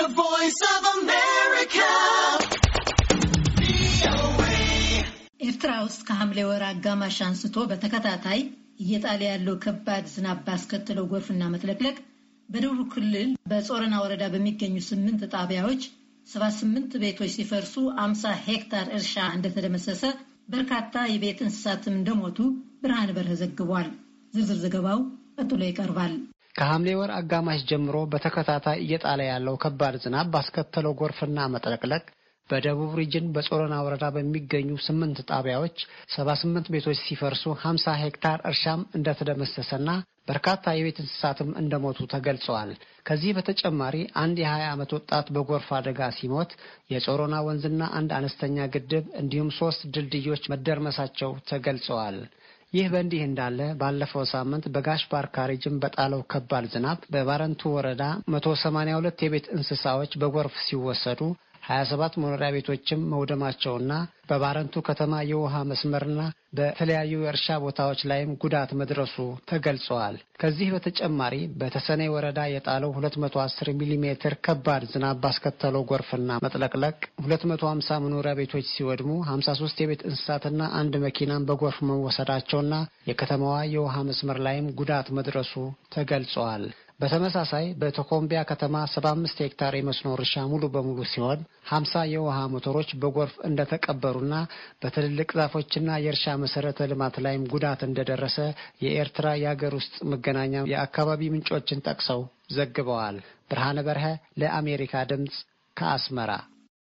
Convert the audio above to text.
The Voice of America. ኤርትራ ውስጥ ከሐምሌ ወር አጋማሽ አንስቶ በተከታታይ እየጣለ ያለው ከባድ ዝናብ ባስከተለው ጎርፍና መጥለቅለቅ በደቡብ ክልል በጾረና ወረዳ በሚገኙ ስምንት ጣቢያዎች ሰባ ስምንት ቤቶች ሲፈርሱ አምሳ ሄክታር እርሻ እንደተደመሰሰ በርካታ የቤት እንስሳትም እንደሞቱ ብርሃን በርህ ዘግቧል። ዝርዝር ዘገባው ቀጥሎ ይቀርባል። ከሐምሌ ወር አጋማሽ ጀምሮ በተከታታይ እየጣለ ያለው ከባድ ዝናብ ባስከተለው ጎርፍና መጥለቅለቅ በደቡብ ሪጅን በጾረና ወረዳ በሚገኙ ስምንት ጣቢያዎች ሰባ ስምንት ቤቶች ሲፈርሱ ሀምሳ ሄክታር እርሻም እንደተደመሰሰና በርካታ የቤት እንስሳትም እንደሞቱ ተገልጸዋል። ከዚህ በተጨማሪ አንድ የሀያ ዓመት ወጣት በጎርፍ አደጋ ሲሞት የጾሮና ወንዝና አንድ አነስተኛ ግድብ እንዲሁም ሶስት ድልድዮች መደርመሳቸው ተገልጸዋል። ይህ በእንዲህ እንዳለ ባለፈው ሳምንት በጋሽ ባርካሪ ጅም በጣለው ከባድ ዝናብ በባረንቱ ወረዳ 182 የቤት እንስሳዎች በጎርፍ ሲወሰዱ ሀያ ሰባት መኖሪያ ቤቶችም መውደማቸውና በባረንቱ ከተማ የውሃ መስመርና በተለያዩ የእርሻ ቦታዎች ላይም ጉዳት መድረሱ ተገልጸዋል። ከዚህ በተጨማሪ በተሰኔ ወረዳ የጣለው 210 ሚሊ ሜትር ከባድ ዝናብ ባስከተለው ጎርፍና መጥለቅለቅ 250 መኖሪያ ቤቶች ሲወድሙ 53 የቤት እንስሳትና አንድ መኪናም በጎርፍ መወሰዳቸውና የከተማዋ የውሃ መስመር ላይም ጉዳት መድረሱ ተገልጸዋል። በተመሳሳይ በቶኮምቢያ ከተማ 75 ሄክታር የመስኖ እርሻ ሙሉ በሙሉ ሲሆን 50 የውሃ ሞተሮች በጎርፍ እንደተቀበሩና በትልልቅ ዛፎችና የእርሻ መሰረተ ልማት ላይም ጉዳት እንደደረሰ የኤርትራ የአገር ውስጥ መገናኛ የአካባቢ ምንጮችን ጠቅሰው ዘግበዋል። ብርሃነ በርሀ ለአሜሪካ ድምፅ ከአስመራ